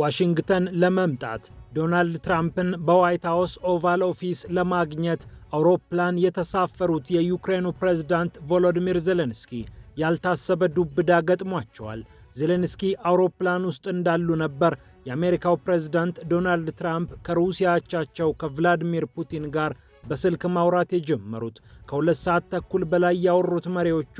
ዋሽንግተን ለመምጣት ዶናልድ ትራምፕን በዋይት ሃውስ ኦቫል ኦፊስ ለማግኘት አውሮፕላን የተሳፈሩት የዩክሬኑ ፕሬዝዳንት ቮሎዲሚር ዜሌንስኪ ያልታሰበ ዱብዳ ገጥሟቸዋል። ዜሌንስኪ አውሮፕላን ውስጥ እንዳሉ ነበር የአሜሪካው ፕሬዝዳንት ዶናልድ ትራምፕ ከሩሲያ አቻቸው ከቭላዲሚር ፑቲን ጋር በስልክ ማውራት የጀመሩት። ከሁለት ሰዓት ተኩል በላይ ያወሩት መሪዎቹ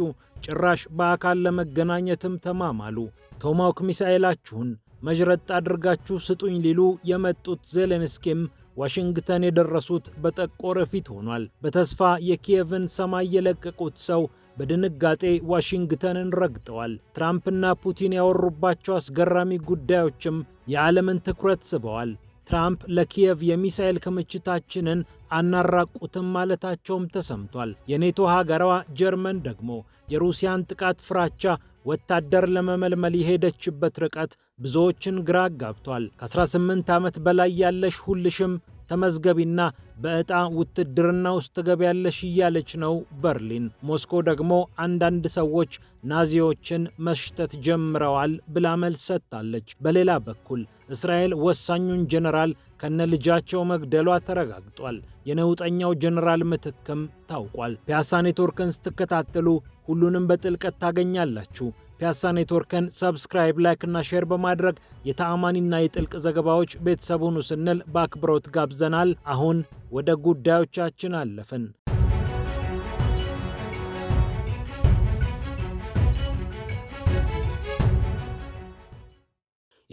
ጭራሽ በአካል ለመገናኘትም ተማማሉ። ቶማውክ ሚሳኤላችሁን መዥረጥ አድርጋችሁ ስጡኝ ሊሉ የመጡት ዜሌንስኪም ዋሽንግተን የደረሱት በጠቆረ ፊት ሆኗል። በተስፋ የኪየቭን ሰማይ የለቀቁት ሰው በድንጋጤ ዋሽንግተንን ረግጠዋል። ትራምፕና ፑቲን ያወሩባቸው አስገራሚ ጉዳዮችም የዓለምን ትኩረት ስበዋል። ትራምፕ ለኪየቭ የሚሳኤል ክምችታችንን አናራቁትም ማለታቸውም ተሰምቷል። የኔቶ ሀገሯ ጀርመን ደግሞ የሩሲያን ጥቃት ፍራቻ ወታደር ለመመልመል የሄደችበት ርቀት ብዙዎችን ግራ አጋብቷል። ከ18 ዓመት በላይ ያለሽ ሁልሽም ተመዝገቢና በዕጣ ውትድርና ውስጥ ትገቢያለሽ እያለች ነው በርሊን። ሞስኮ ደግሞ አንዳንድ ሰዎች ናዚዎችን መሽተት ጀምረዋል ብላ መልስ ሰጥታለች። በሌላ በኩል እስራኤል ወሳኙን ጀነራል ከነልጃቸው መግደሏ ተረጋግጧል። የነውጠኛው ጀነራል ምትክም ታውቋል። ፒያሳ ኔትወርክን ስትከታተሉ ሁሉንም በጥልቀት ታገኛላችሁ። ፒያሳ ኔትወርክን ሰብስክራይብ፣ ላይክ እና ሼር በማድረግ የተአማኒና የጥልቅ ዘገባዎች ቤተሰብ ሁኑ ስንል በአክብሮት ጋብዘናል። አሁን ወደ ጉዳዮቻችን አለፍን።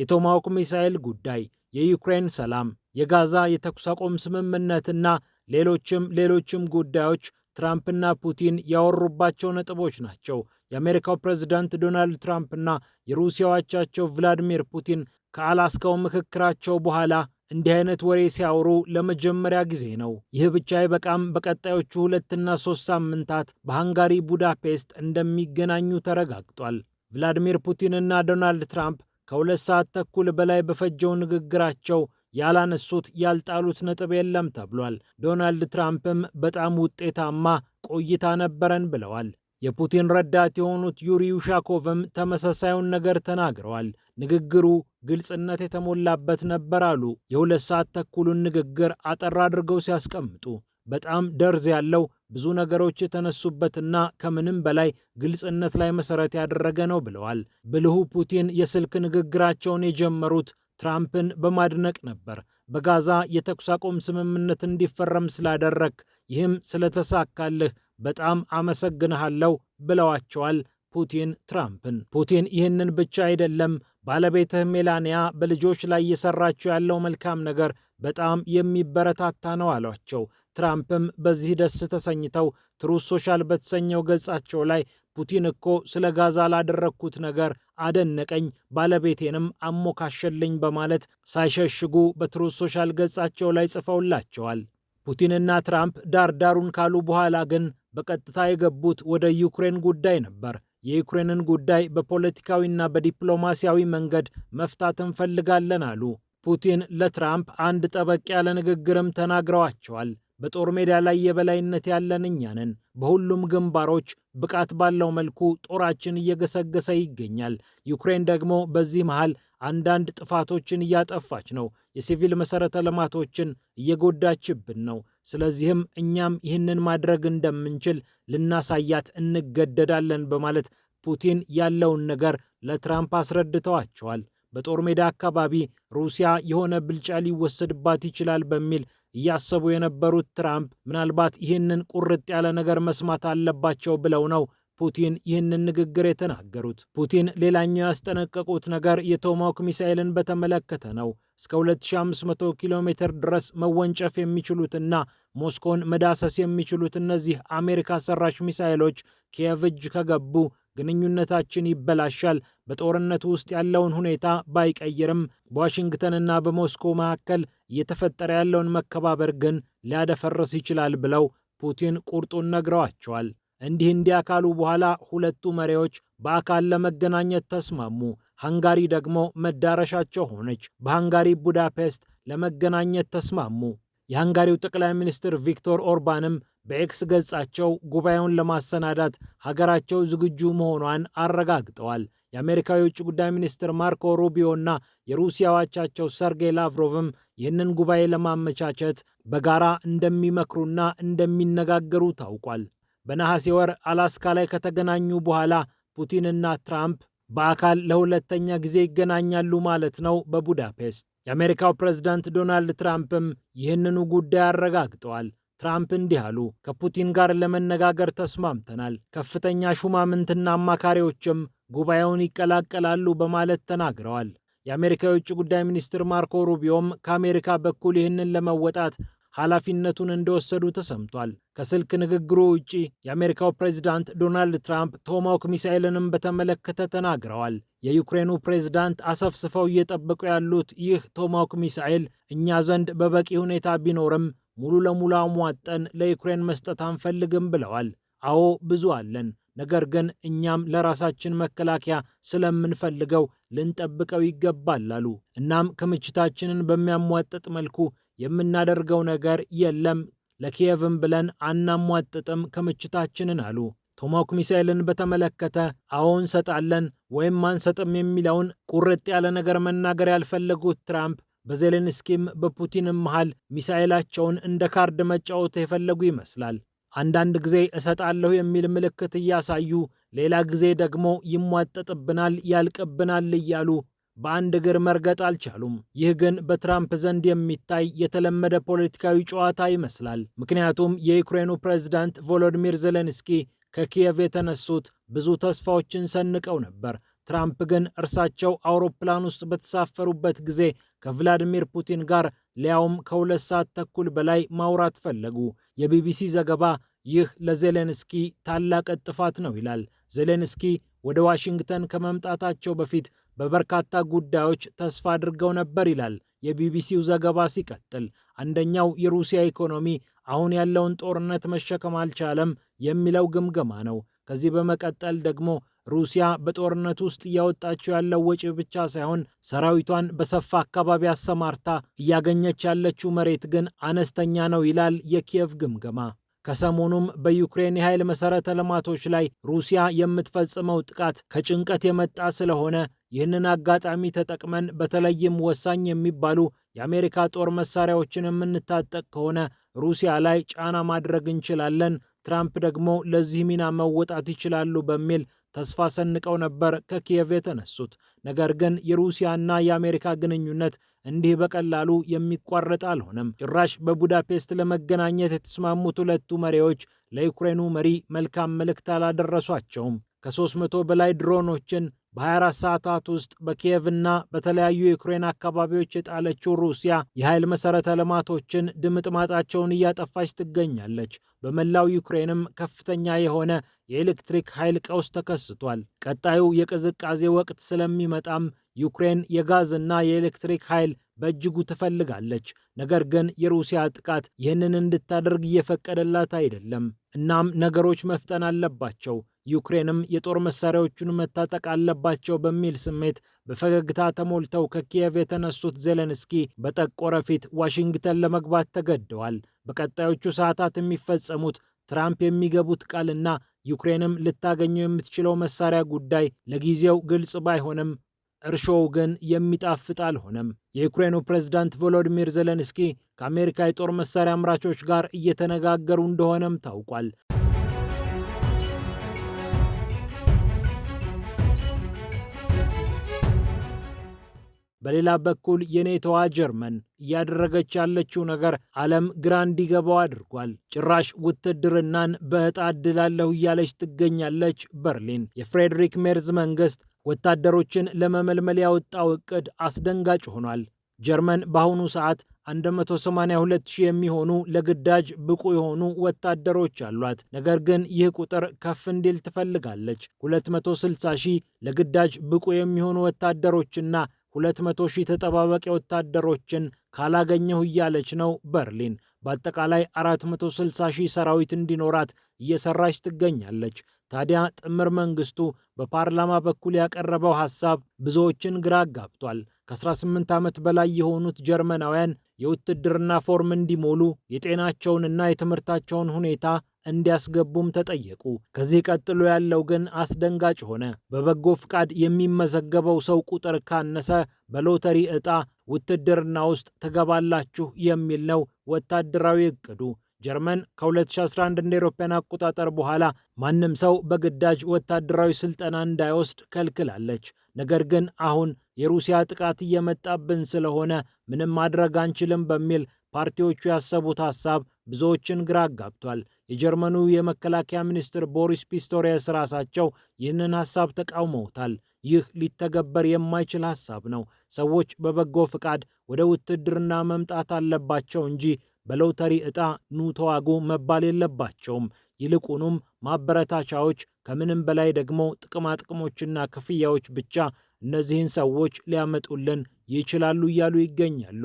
የቶማሃውክ ሚሳኤል ጉዳይ፣ የዩክሬን ሰላም፣ የጋዛ የተኩስ አቁም ስምምነትና ሌሎችም ሌሎችም ጉዳዮች ትራምፕና ፑቲን ያወሩባቸው ነጥቦች ናቸው። የአሜሪካው ፕሬዝዳንት ዶናልድ ትራምፕ እና የሩሲያ አቻቸው ቭላዲሚር ፑቲን ከአላስካው ምክክራቸው በኋላ እንዲህ አይነት ወሬ ሲያወሩ ለመጀመሪያ ጊዜ ነው። ይህ ብቻ አይበቃም። በቀጣዮቹ ሁለትና ሶስት ሳምንታት በሃንጋሪ ቡዳፔስት እንደሚገናኙ ተረጋግጧል። ቭላዲሚር ፑቲን እና ዶናልድ ትራምፕ ከሁለት ሰዓት ተኩል በላይ በፈጀው ንግግራቸው ያላነሱት ያልጣሉት ነጥብ የለም ተብሏል። ዶናልድ ትራምፕም በጣም ውጤታማ ቆይታ ነበረን ብለዋል። የፑቲን ረዳት የሆኑት ዩሪ ዩሻኮቭም ተመሳሳዩን ነገር ተናግረዋል። ንግግሩ ግልጽነት የተሞላበት ነበር አሉ። የሁለት ሰዓት ተኩሉን ንግግር አጠር አድርገው ሲያስቀምጡ በጣም ደርዝ ያለው ብዙ ነገሮች የተነሱበትና ከምንም በላይ ግልጽነት ላይ መሰረት ያደረገ ነው ብለዋል። ብልሁ ፑቲን የስልክ ንግግራቸውን የጀመሩት ትራምፕን በማድነቅ ነበር። በጋዛ የተኩስ አቁም ስምምነት እንዲፈረም ስላደረግ ይህም ስለተሳካልህ በጣም አመሰግንሃለሁ ብለዋቸዋል ፑቲን ትራምፕን። ፑቲን ይህንን ብቻ አይደለም ባለቤትህ ሜላኒያ በልጆች ላይ እየሰራችው ያለው መልካም ነገር በጣም የሚበረታታ ነው አሏቸው። ትራምፕም በዚህ ደስ ተሰኝተው ትሩዝ ሶሻል በተሰኘው ገጻቸው ላይ ፑቲን እኮ ስለ ጋዛ ላደረግኩት ነገር አደነቀኝ፣ ባለቤቴንም አሞካሸልኝ በማለት ሳይሸሽጉ በትሩዝ ሶሻል ገጻቸው ላይ ጽፈውላቸዋል። ፑቲንና ትራምፕ ዳርዳሩን ካሉ በኋላ ግን በቀጥታ የገቡት ወደ ዩክሬን ጉዳይ ነበር። የዩክሬንን ጉዳይ በፖለቲካዊና በዲፕሎማሲያዊ መንገድ መፍታት እንፈልጋለን አሉ። ፑቲን ለትራምፕ አንድ ጠበቅ ያለ ንግግርም ተናግረዋቸዋል። በጦር ሜዳ ላይ የበላይነት ያለን እኛ ነን። በሁሉም ግንባሮች ብቃት ባለው መልኩ ጦራችን እየገሰገሰ ይገኛል። ዩክሬን ደግሞ በዚህ መሃል አንዳንድ ጥፋቶችን እያጠፋች ነው። የሲቪል መሰረተ ልማቶችን እየጎዳችብን ነው። ስለዚህም እኛም ይህንን ማድረግ እንደምንችል ልናሳያት እንገደዳለን በማለት ፑቲን ያለውን ነገር ለትራምፕ አስረድተዋቸዋል። በጦር ሜዳ አካባቢ ሩሲያ የሆነ ብልጫ ሊወሰድባት ይችላል በሚል እያሰቡ የነበሩት ትራምፕ ምናልባት ይህንን ቁርጥ ያለ ነገር መስማት አለባቸው ብለው ነው ፑቲን ይህንን ንግግር የተናገሩት። ፑቲን ሌላኛው ያስጠነቀቁት ነገር የቶማክ ሚሳኤልን በተመለከተ ነው። እስከ 2500 ኪሎ ሜትር ድረስ መወንጨፍ የሚችሉትና ሞስኮን መዳሰስ የሚችሉት እነዚህ አሜሪካ ሰራሽ ሚሳኤሎች ኪየቭ እጅ ከገቡ ግንኙነታችን ይበላሻል፣ በጦርነቱ ውስጥ ያለውን ሁኔታ ባይቀይርም በዋሽንግተንና በሞስኮ መካከል እየተፈጠረ ያለውን መከባበር ግን ሊያደፈርስ ይችላል ብለው ፑቲን ቁርጡን ነግረዋቸዋል። እንዲህ እንዲያካሉ በኋላ ሁለቱ መሪዎች በአካል ለመገናኘት ተስማሙ። ሃንጋሪ ደግሞ መዳረሻቸው ሆነች። በሃንጋሪ ቡዳፔስት ለመገናኘት ተስማሙ። የሃንጋሪው ጠቅላይ ሚኒስትር ቪክቶር ኦርባንም በኤክስ ገጻቸው ጉባኤውን ለማሰናዳት ሀገራቸው ዝግጁ መሆኗን አረጋግጠዋል። የአሜሪካዊ የውጭ ጉዳይ ሚኒስትር ማርኮ ሩቢዮ እና የሩሲያ አቻቸው ሰርጌይ ላቭሮቭም ይህንን ጉባኤ ለማመቻቸት በጋራ እንደሚመክሩና እንደሚነጋገሩ ታውቋል። በነሐሴ ወር አላስካ ላይ ከተገናኙ በኋላ ፑቲንና ትራምፕ በአካል ለሁለተኛ ጊዜ ይገናኛሉ ማለት ነው በቡዳፔስት። የአሜሪካው ፕሬዝዳንት ዶናልድ ትራምፕም ይህንኑ ጉዳይ አረጋግጠዋል። ትራምፕ እንዲህ አሉ። ከፑቲን ጋር ለመነጋገር ተስማምተናል። ከፍተኛ ሹማምንትና አማካሪዎችም ጉባኤውን ይቀላቀላሉ በማለት ተናግረዋል። የአሜሪካ የውጭ ጉዳይ ሚኒስትር ማርኮ ሩቢዮም ከአሜሪካ በኩል ይህንን ለመወጣት ኃላፊነቱን እንደወሰዱ ተሰምቷል። ከስልክ ንግግሩ ውጪ የአሜሪካው ፕሬዚዳንት ዶናልድ ትራምፕ ቶማውክ ሚሳኤልንም በተመለከተ ተናግረዋል። የዩክሬኑ ፕሬዝዳንት አሰፍስፈው እየጠበቁ ያሉት ይህ ቶማውክ ሚሳኤል እኛ ዘንድ በበቂ ሁኔታ ቢኖርም ሙሉ ለሙሉ አሟጠን ለዩክሬን መስጠት አንፈልግም ብለዋል። አዎ ብዙ አለን ነገር ግን እኛም ለራሳችን መከላከያ ስለምንፈልገው ልንጠብቀው ይገባል አሉ። እናም ክምችታችንን በሚያሟጥጥ መልኩ የምናደርገው ነገር የለም፣ ለኪየቭም ብለን አናሟጥጥም ክምችታችንን አሉ። ቶማሃውክ ሚሳኤልን በተመለከተ አዎን እንሰጣለን ወይም አንሰጥም የሚለውን ቁርጥ ያለ ነገር መናገር ያልፈለጉት ትራምፕ በዜሌንስኪም በፑቲንም መሃል ሚሳኤላቸውን እንደ ካርድ መጫወት የፈለጉ ይመስላል። አንዳንድ ጊዜ እሰጣለሁ የሚል ምልክት እያሳዩ፣ ሌላ ጊዜ ደግሞ ይሟጠጥብናል፣ ያልቅብናል እያሉ በአንድ እግር መርገጥ አልቻሉም። ይህ ግን በትራምፕ ዘንድ የሚታይ የተለመደ ፖለቲካዊ ጨዋታ ይመስላል። ምክንያቱም የዩክሬኑ ፕሬዝዳንት ቮሎዲሚር ዜሌንስኪ ከኪየቭ የተነሱት ብዙ ተስፋዎችን ሰንቀው ነበር። ትራምፕ ግን እርሳቸው አውሮፕላን ውስጥ በተሳፈሩበት ጊዜ ከቭላዲሚር ፑቲን ጋር ሊያውም ከሁለት ሰዓት ተኩል በላይ ማውራት ፈለጉ። የቢቢሲ ዘገባ ይህ ለዜሌንስኪ ታላቅ ጥፋት ነው ይላል። ዜሌንስኪ ወደ ዋሽንግተን ከመምጣታቸው በፊት በበርካታ ጉዳዮች ተስፋ አድርገው ነበር ይላል የቢቢሲው ዘገባ ሲቀጥል። አንደኛው የሩሲያ ኢኮኖሚ አሁን ያለውን ጦርነት መሸከም አልቻለም የሚለው ግምገማ ነው። ከዚህ በመቀጠል ደግሞ ሩሲያ በጦርነት ውስጥ እያወጣችው ያለው ወጪ ብቻ ሳይሆን ሰራዊቷን በሰፋ አካባቢ አሰማርታ እያገኘች ያለችው መሬት ግን አነስተኛ ነው ይላል የኪየቭ ግምገማ። ከሰሞኑም በዩክሬን የኃይል መሠረተ ልማቶች ላይ ሩሲያ የምትፈጽመው ጥቃት ከጭንቀት የመጣ ስለሆነ ይህንን አጋጣሚ ተጠቅመን በተለይም ወሳኝ የሚባሉ የአሜሪካ ጦር መሳሪያዎችን የምንታጠቅ ከሆነ ሩሲያ ላይ ጫና ማድረግ እንችላለን፣ ትራምፕ ደግሞ ለዚህ ሚና መወጣት ይችላሉ በሚል ተስፋ ሰንቀው ነበር ከኪየቭ የተነሱት። ነገር ግን የሩሲያና የአሜሪካ ግንኙነት እንዲህ በቀላሉ የሚቋረጥ አልሆነም። ጭራሽ በቡዳፔስት ለመገናኘት የተስማሙት ሁለቱ መሪዎች ለዩክሬኑ መሪ መልካም መልእክት አላደረሷቸውም። ከ300 በላይ ድሮኖችን በ24 ሰዓታት ውስጥ በኪየቭና በተለያዩ የዩክሬን አካባቢዎች የጣለችው ሩሲያ የኃይል መሠረተ ልማቶችን ድምጥማጣቸውን እያጠፋች ትገኛለች። በመላው ዩክሬንም ከፍተኛ የሆነ የኤሌክትሪክ ኃይል ቀውስ ተከስቷል። ቀጣዩ የቅዝቃዜ ወቅት ስለሚመጣም ዩክሬን የጋዝና የኤሌክትሪክ ኃይል በእጅጉ ትፈልጋለች። ነገር ግን የሩሲያ ጥቃት ይህንን እንድታደርግ እየፈቀደላት አይደለም። እናም ነገሮች መፍጠን አለባቸው። ዩክሬንም የጦር መሳሪያዎቹን መታጠቅ አለባቸው በሚል ስሜት በፈገግታ ተሞልተው ከኪየቭ የተነሱት ዜሌንስኪ በጠቆረ ፊት ዋሽንግተን ለመግባት ተገደዋል። በቀጣዮቹ ሰዓታት የሚፈጸሙት ትራምፕ የሚገቡት ቃልና ዩክሬንም ልታገኘው የምትችለው መሳሪያ ጉዳይ ለጊዜው ግልጽ ባይሆንም እርሾው ግን የሚጣፍጥ አልሆነም። የዩክሬኑ ፕሬዝዳንት ቮሎዲሚር ዜሌንስኪ ከአሜሪካ የጦር መሳሪያ አምራቾች ጋር እየተነጋገሩ እንደሆነም ታውቋል። በሌላ በኩል የኔቶዋ ጀርመን እያደረገች ያለችው ነገር ዓለም ግራ እንዲገባው አድርጓል። ጭራሽ ውትድርናን በዕጣ እድላለሁ እያለች ትገኛለች። በርሊን የፍሬድሪክ ሜርዝ መንግስት ወታደሮችን ለመመልመል ያወጣው እቅድ አስደንጋጭ ሆኗል። ጀርመን በአሁኑ ሰዓት 182 ሺህ የሚሆኑ ለግዳጅ ብቁ የሆኑ ወታደሮች አሏት። ነገር ግን ይህ ቁጥር ከፍ እንዲል ትፈልጋለች። 260,000 ሺህ ለግዳጅ ብቁ የሚሆኑ ወታደሮችና ሁለት 00 ሺህ ተጠባባቂ ወታደሮችን ካላገኘሁ እያለች ነው በርሊን። በአጠቃላይ 460 ሺህ ሰራዊት እንዲኖራት እየሰራች ትገኛለች። ታዲያ ጥምር መንግስቱ በፓርላማ በኩል ያቀረበው ሐሳብ ብዙዎችን ግራ አጋብቷል። ከ18 ዓመት በላይ የሆኑት ጀርመናውያን የውትድርና ፎርም እንዲሞሉ የጤናቸውንና የትምህርታቸውን ሁኔታ እንዲያስገቡም ተጠየቁ። ከዚህ ቀጥሎ ያለው ግን አስደንጋጭ ሆነ። በበጎ ፍቃድ የሚመዘገበው ሰው ቁጥር ካነሰ በሎተሪ ዕጣ ውትድርና ውስጥ ትገባላችሁ የሚል ነው ወታደራዊ እቅዱ። ጀርመን ከ2011 እንደ አውሮፓውያን አቆጣጠር በኋላ ማንም ሰው በግዳጅ ወታደራዊ ስልጠና እንዳይወስድ ከልክላለች። ነገር ግን አሁን የሩሲያ ጥቃት እየመጣብን ስለሆነ ምንም ማድረግ አንችልም በሚል ፓርቲዎቹ ያሰቡት ሀሳብ ብዙዎችን ግራ አጋብቷል። የጀርመኑ የመከላከያ ሚኒስትር ቦሪስ ፒስቶሪየስ ራሳቸው ይህንን ሀሳብ ተቃውመውታል። ይህ ሊተገበር የማይችል ሀሳብ ነው። ሰዎች በበጎ ፍቃድ ወደ ውትድርና መምጣት አለባቸው እንጂ በሎተሪ ዕጣ ኑ ተዋጉ መባል የለባቸውም። ይልቁኑም ማበረታቻዎች፣ ከምንም በላይ ደግሞ ጥቅማጥቅሞችና ክፍያዎች ብቻ እነዚህን ሰዎች ሊያመጡልን ይችላሉ እያሉ ይገኛሉ።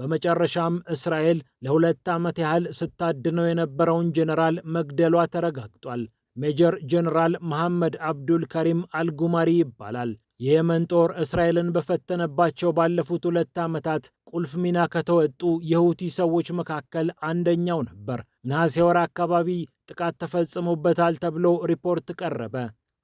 በመጨረሻም እስራኤል ለሁለት ዓመት ያህል ስታድነው የነበረውን ጄኔራል መግደሏ ተረጋግጧል። ሜጀር ጄኔራል መሐመድ አብዱል ከሪም አልጉማሪ ይባላል። የየመን ጦር እስራኤልን በፈተነባቸው ባለፉት ሁለት ዓመታት ቁልፍ ሚና ከተወጡ የሁቲ ሰዎች መካከል አንደኛው ነበር። ነሐሴ ወር አካባቢ ጥቃት ተፈጽሞበታል ተብሎ ሪፖርት ቀረበ።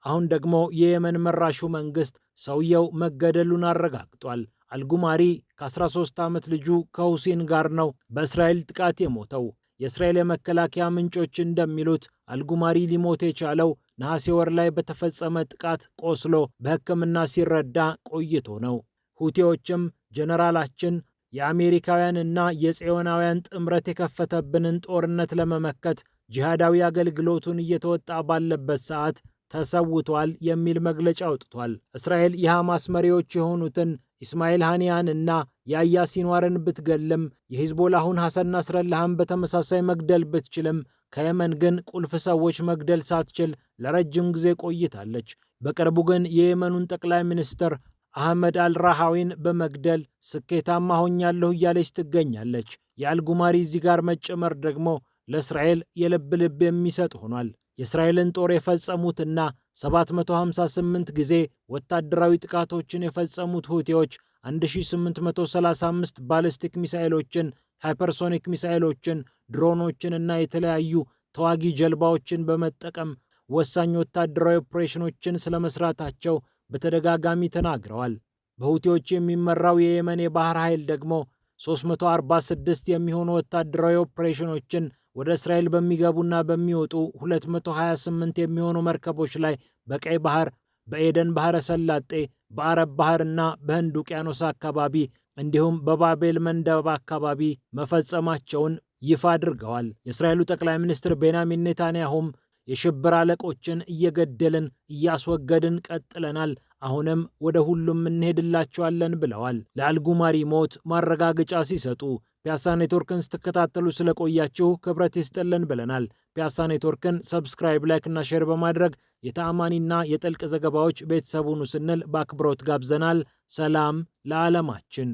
አሁን ደግሞ የየመን መራሹ መንግሥት ሰውየው መገደሉን አረጋግጧል። አልጉማሪ ከ13 ዓመት ልጁ ከሁሴን ጋር ነው በእስራኤል ጥቃት የሞተው። የእስራኤል የመከላከያ ምንጮች እንደሚሉት አልጉማሪ ሊሞት የቻለው ነሐሴ ወር ላይ በተፈጸመ ጥቃት ቆስሎ በሕክምና ሲረዳ ቆይቶ ነው። ሁቴዎችም ጀነራላችን የአሜሪካውያንና የጽዮናውያን ጥምረት የከፈተብንን ጦርነት ለመመከት ጂሃዳዊ አገልግሎቱን እየተወጣ ባለበት ሰዓት ተሰውቷል የሚል መግለጫ አውጥቷል። እስራኤል የሐማስ መሪዎች የሆኑትን ኢስማኤል ሃኒያን እና የአያ ሲንዋርን ብትገልም የሂዝቦላሁን ሐሰን ናስረላህን በተመሳሳይ መግደል ብትችልም ከየመን ግን ቁልፍ ሰዎች መግደል ሳትችል ለረጅም ጊዜ ቆይታለች። በቅርቡ ግን የየመኑን ጠቅላይ ሚኒስትር አህመድ አልራሃዊን በመግደል ስኬታማ ሆኛለሁ እያለች ትገኛለች። የአልጉማሪ እዚህ ጋር መጨመር ደግሞ ለእስራኤል የልብ ልብ የሚሰጥ ሆኗል። የእስራኤልን ጦር የፈጸሙትና 758 ጊዜ ወታደራዊ ጥቃቶችን የፈጸሙት ሁቲዎች 1835 ባሊስቲክ ሚሳኤሎችን፣ ሃይፐርሶኒክ ሚሳኤሎችን፣ ድሮኖችን እና የተለያዩ ተዋጊ ጀልባዎችን በመጠቀም ወሳኝ ወታደራዊ ኦፕሬሽኖችን ስለመስራታቸው በተደጋጋሚ ተናግረዋል። በሁቲዎች የሚመራው የየመን የባህር ኃይል ደግሞ 346 የሚሆኑ ወታደራዊ ኦፕሬሽኖችን ወደ እስራኤል በሚገቡና በሚወጡ 228 የሚሆኑ መርከቦች ላይ በቀይ ባህር፣ በኤደን ባህረ ሰላጤ፣ በአረብ ባህር እና በህንድ ውቅያኖስ አካባቢ እንዲሁም በባቤል መንደብ አካባቢ መፈጸማቸውን ይፋ አድርገዋል። የእስራኤሉ ጠቅላይ ሚኒስትር ቤንያሚን ኔታንያሁም የሽብር አለቆችን እየገደልን እያስወገድን ቀጥለናል፣ አሁንም ወደ ሁሉም እንሄድላቸዋለን ብለዋል። ለአልጉማሪ ሞት ማረጋገጫ ሲሰጡ ፒያሳ ኔትወርክን ስትከታተሉ ስለቆያችሁ ክብረት ይስጥልን ብለናል። ፒያሳ ኔትወርክን ሰብስክራይብ፣ ላይክና ሼር በማድረግ የተአማኒና የጥልቅ ዘገባዎች ቤተሰቡን ስንል በአክብሮት ጋብዘናል። ሰላም ለዓለማችን።